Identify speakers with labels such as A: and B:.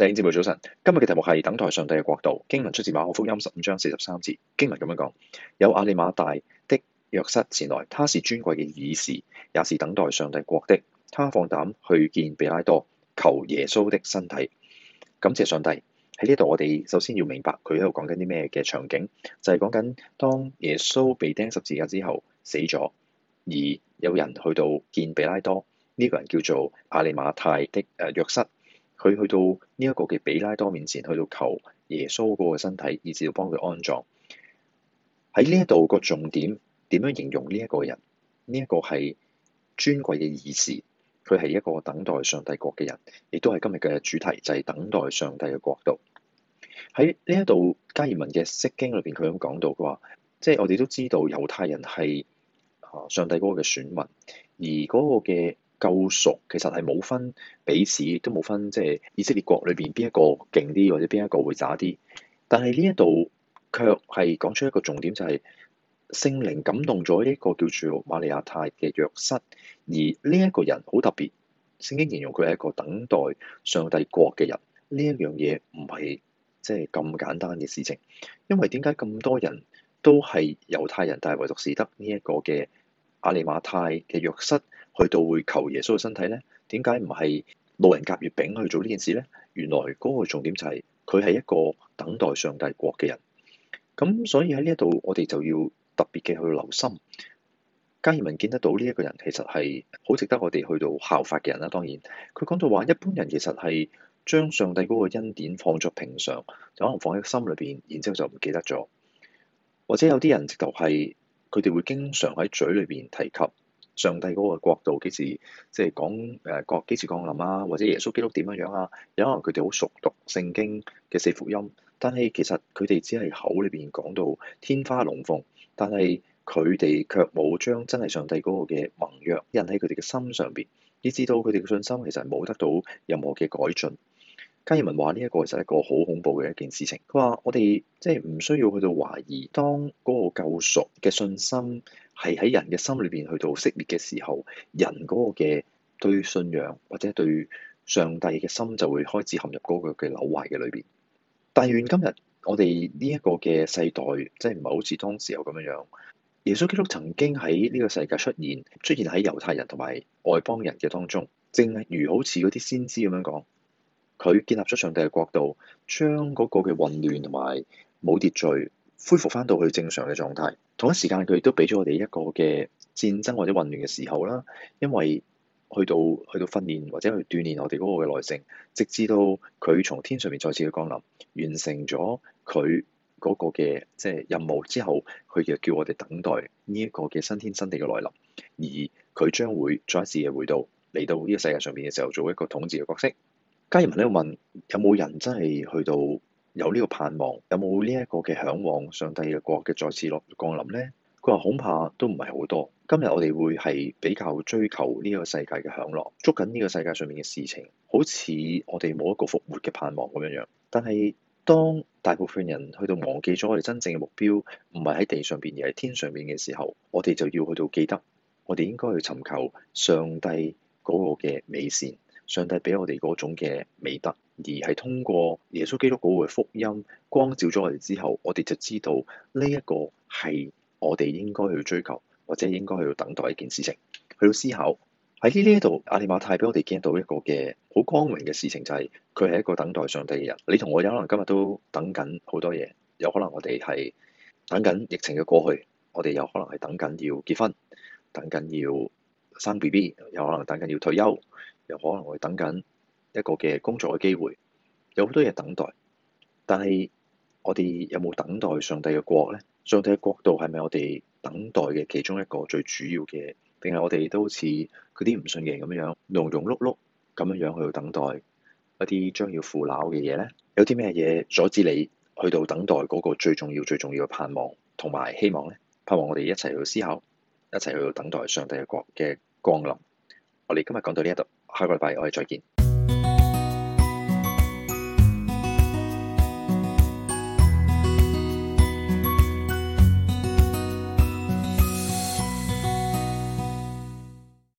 A: 靈節目早晨，今日嘅題目係等待上帝嘅國度。經文出自馬可福音十五章四十三節，經文咁樣講：有阿里馬大的約瑟前來，他是尊貴嘅議士，也是等待上帝國的。他放膽去見比拉多，求耶穌的身體。感謝上帝。喺呢度我哋首先要明白佢喺度講緊啲咩嘅場景，就係講緊當耶穌被釘十字架之後死咗，而有人去到見比拉多，呢、這個人叫做阿里馬泰的誒約瑟。佢去到呢一個嘅比拉多面前，去到求耶穌嗰個身體，以至要幫佢安葬。喺呢一度個重點，點樣形容呢一個人？呢、這、一個係尊貴嘅議士，佢係一個等待上帝國嘅人，亦都係今日嘅主題，就係、是、等待上帝嘅國度。喺呢一度加爾文嘅釋經裏邊，佢咁講到，佢話：即係我哋都知道猶太人係上帝嗰嘅選民，而嗰個嘅。救贖，其實係冇分彼此都冇分即係、就是、以色列國裏邊邊一個勁啲，或者邊一個會渣啲。但係呢一度卻係講出一個重點，就係、是、聖靈感動咗一個叫做亞利馬太嘅約瑟，而呢一個人好特別，聖經形容佢係一個等待上帝國嘅人。呢一樣嘢唔係即係咁簡單嘅事情，因為點解咁多人都係猶太人，但係唯獨是得呢一個嘅？亞利馬太嘅約瑟去到會求耶穌嘅身體咧，點解唔係路人甲乙丙去做呢件事咧？原來嗰個重點就係佢係一個等待上帝國嘅人。咁所以喺呢一度，我哋就要特別嘅去留心。加爾文見得到呢一個人，其實係好值得我哋去到效法嘅人啦。當然，佢講到話，一般人其實係將上帝嗰個恩典放作平常，就可能放喺心裏邊，然之後就唔記得咗，或者有啲人直頭係。佢哋會經常喺嘴裏邊提及上帝嗰個國度幾時，即係講誒國幾時降臨啊，或者耶穌基督點樣樣啊，有可能佢哋好熟讀聖經嘅四福音，但係其實佢哋只係口裏邊講到天花龍鳳，但係佢哋卻冇將真係上帝嗰個嘅盟約印喺佢哋嘅心上邊，以至到佢哋嘅信心其實冇得到任何嘅改進。加爾文話：呢一個其實係一個好恐怖嘅一件事情。佢話：我哋即係唔需要去到懷疑，當嗰個救贖嘅信心係喺人嘅心裏邊去到熄滅嘅時候，人嗰個嘅對信仰或者對上帝嘅心就會開始陷入嗰個嘅扭壞嘅裏邊。但願今日我哋呢一個嘅世代，即係唔係好似當時候咁樣？耶穌基督曾經喺呢個世界出現，出現喺猶太人同埋外邦人嘅當中，正如好似嗰啲先知咁樣講。佢建立咗上帝嘅國度，將嗰個嘅混亂同埋冇秩序恢復翻到去正常嘅狀態。同一時間，佢亦都俾咗我哋一個嘅戰爭或者混亂嘅時候啦，因為去到去到訓練或者去鍛鍊我哋嗰個嘅耐性，直至到佢從天上面再次嘅降臨，完成咗佢嗰個嘅即係任務之後，佢就叫我哋等待呢一個嘅新天新地嘅來臨，而佢將會再一次嘅回到嚟到呢個世界上面嘅時候，做一個統治嘅角色。加爾文喺度問有冇人真係去到有呢個盼望，有冇呢一個嘅嚮往上帝嘅國嘅再次落降臨呢？佢話恐怕都唔係好多。今日我哋會係比較追求呢一個世界嘅享樂，捉緊呢個世界上面嘅事情，好似我哋冇一個復活嘅盼望咁樣樣。但係當大部分人去到忘記咗我哋真正嘅目標，唔係喺地上邊而係天上邊嘅時候，我哋就要去到記得，我哋應該去尋求上帝嗰個嘅美善。上帝俾我哋嗰種嘅美德，而係通過耶穌基督寶嘅福音光照咗我哋之後，我哋就知道呢一個係我哋應該去追求或者應該去等待一件事情。去到思考喺呢呢度，亞利馬太俾我哋見到一個嘅好光明嘅事情，就係佢係一個等待上帝嘅人。你同我有可能今日都等緊好多嘢，有可能我哋係等緊疫情嘅過去，我哋有可能係等緊要結婚，等緊要生 B B，有可能等緊要退休，又可能會等緊一個嘅工作嘅機會，有好多嘢等待。但係我哋有冇等待上帝嘅國咧？上帝嘅國度係咪我哋等待嘅其中一個最主要嘅？定係我哋都好似嗰啲唔信嘅人咁樣樣，庸庸碌碌咁樣樣去到等待一啲將要腐朽嘅嘢咧？有啲咩嘢阻止你去到等待嗰個最重要、最重要嘅盼望同埋希望咧？盼望我哋一齊去思考，一齊去到等待上帝嘅國嘅。降臨。我哋今日講到呢一度，下個禮拜我哋再見。